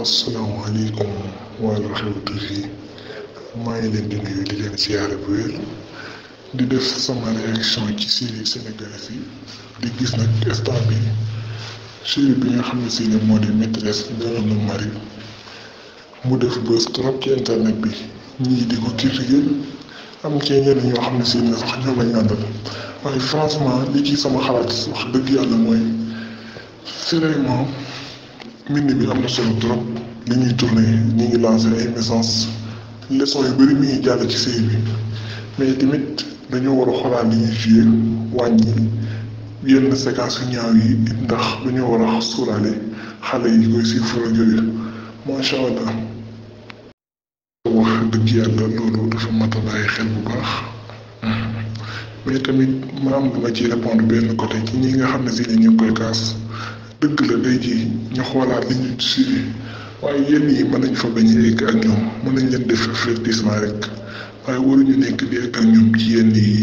asalaamaaleykum waa Lu Xew TV maa ngi leen di nuyu di leen siyaare bu wér di def sama réaction ci série sénégalaise yi di gis nag instant bi série bi nga xam ne si moo di maîtresse d'un homme marié mu def buzz trop ci internet bi ñii di ko xam ne si ne sax waaye franchement li ci sama xalaat wax dëgg yàlla mooy vraiment. mbind bi am na solo trop li ñuy tourné ñu ngi lancé ay message leçon yu bëri mi ngi jàll ci sëy bi mais tamit dañoo war a xoolaat li ñuy fiyee wàññi yenn séquence yu ñaaw yi ndax dañoo war a suuraale xale yi koy si fura yooyu macha allah. wax dëgg yàlla loolu dafa mat a bàyyi xel bu baax mais tamit ma am lu ma ci répondre benn côté ci ñi nga xam ne si ne ñu koy kaas. dëgg la day ji ñu xoolaat li ñu si waaye yenn yi mën nañ fa bañ a yegg ak ñoom mën nañ leen def avertissement rek waaye waruñu nekk di yegg ak ñoom ci yenn yi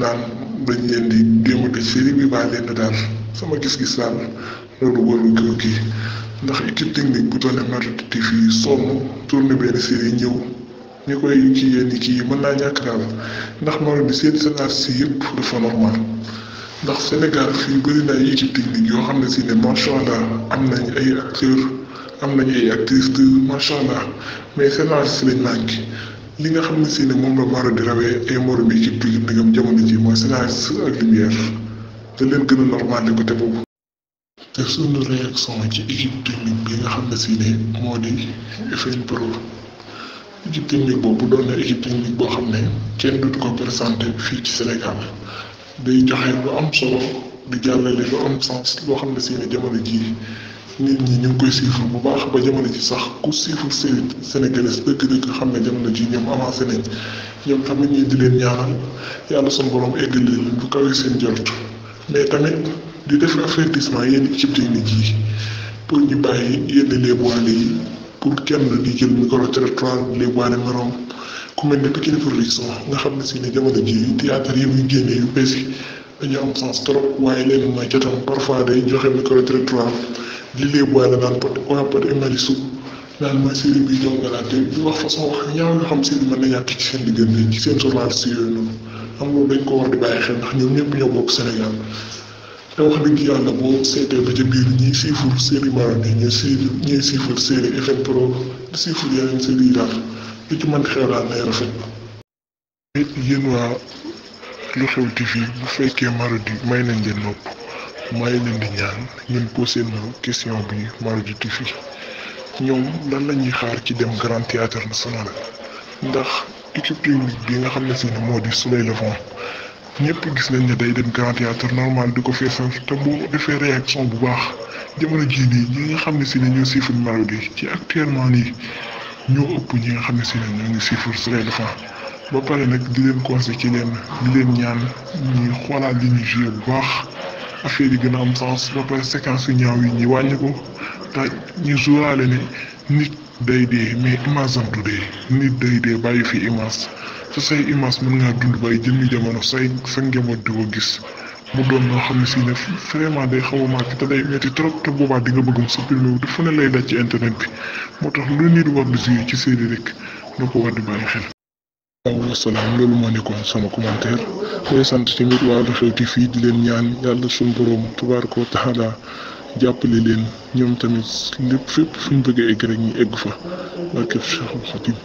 naan bañ leen di jéem a def série bi baa leen daal sama gis-gis daal loolu waru ko kii ndax équipe technique bu doon marti fii sonn tourné benn série ñëw ñu koy ci yenn kii mën naa ñàkk daal ndax maro bi seen scénario si yëpp dafa normal ndax Sénégal fii bëri na ay technique yoo xam ne si ne macha allah am nañ ay acteurs am nañ ay actrices macha allah mais scénariste lañ li nga xam si ne moom la di rawee ay morom bi équipe technique mooy scénariste ak leen gën a normal côté boobu. ci équipe xam ne si moo di FN Pro équipe technique boobu doon na équipe technique boo xam ne kenn dootu ko fii ci Sénégal. day joxe lu am solo di jàllale lu am sens loo xam ne si jamono jii nit ñi ñu ngi koy siifal bu baax ba jamono ji sax ku siifal seen sénégalais dëgg-dëgg xam ne jamono ji ñoom avancé nañ ñoom tamit ñi di leen ñaanal yàlla suñu borom eggal leen lu kawe seen jort mais tamit di def avertissement yenn équipe ni yi pour ñu bàyyi yenn léebuwaale yi. pour kenn di jël micro-trottoir di waane moroom ku mel ne Pikini Production nga xam ne si ne jamono ji théâtre yi muy génne yu bees yi dañu am sens trop waaye leen mooy ca parfois day joxe micro-trottoir di léeb waane naan pot waa pot émali suuf naan mooy série bi jongalaate di wax façon wax ñaaw yoo xam si ne mën ci seen diggante ci seen journaliste yooyu noonu am loolu dañ ko war di bàyyi xel ndax ñoom ñëpp ñoo bokk Sénégal te wax dëgg yàlla boo seetee ba ca biir ñiy siiful série Marodi ñiy siiful ñiy siiful série di siiful yeneen yi daal li ci mën xew daal nay rafet na. yéen waa Lu Xew TV bu fekkee Marodi may nañ leen nopp may leen di ñaan koo posé na question bi Marodi TV ñoom lan la xaar ci dem Grand Théâtre National ndax équipe technique bi nga xam ne si moo di Soleil Levant. ñëpp gis nañ ne day dem grand théâtre normal di ko feesal te bu defee réaction bu baax jamono jii nii ñi nga xam ne si ne ñoo siiful di ci actuellement nii ñoo ëpp ñi nga xam ne si ne ñoo ngi siiful Soleil Levant ba pare nag di leen conseil ci leen di leen ñaan ñuy xoolaat li ñu joué bu baax affaire yi gën a am sens ba pare séquence yu ñaaw yi ñu wàññi ko te ñu suuraale ne nit day dee mais image am du dee nit day dee bàyyi fi image. te say image mën ngaa dund bay jëmmi jamono say sa njaboot di ko gis mu doon loo xam ne si ne vraiment day xaw a màgg te day metti trop te boobaa di nga bëgg mu supprimer ne lay daj ci internet bi moo tax lu nit war di suy ci série rek na ko war di bàyyi xel. waaw wasalaam loolu moo nekkoon sama commentaire day sant tamit waa Lu Xew fii di leen ñaan yàlla suñu borom tabaaraka wa taala jàppale leen ñoom tamit lépp fépp fu ñu bëggee egg rek ñu egg fa barkeb Cheikhul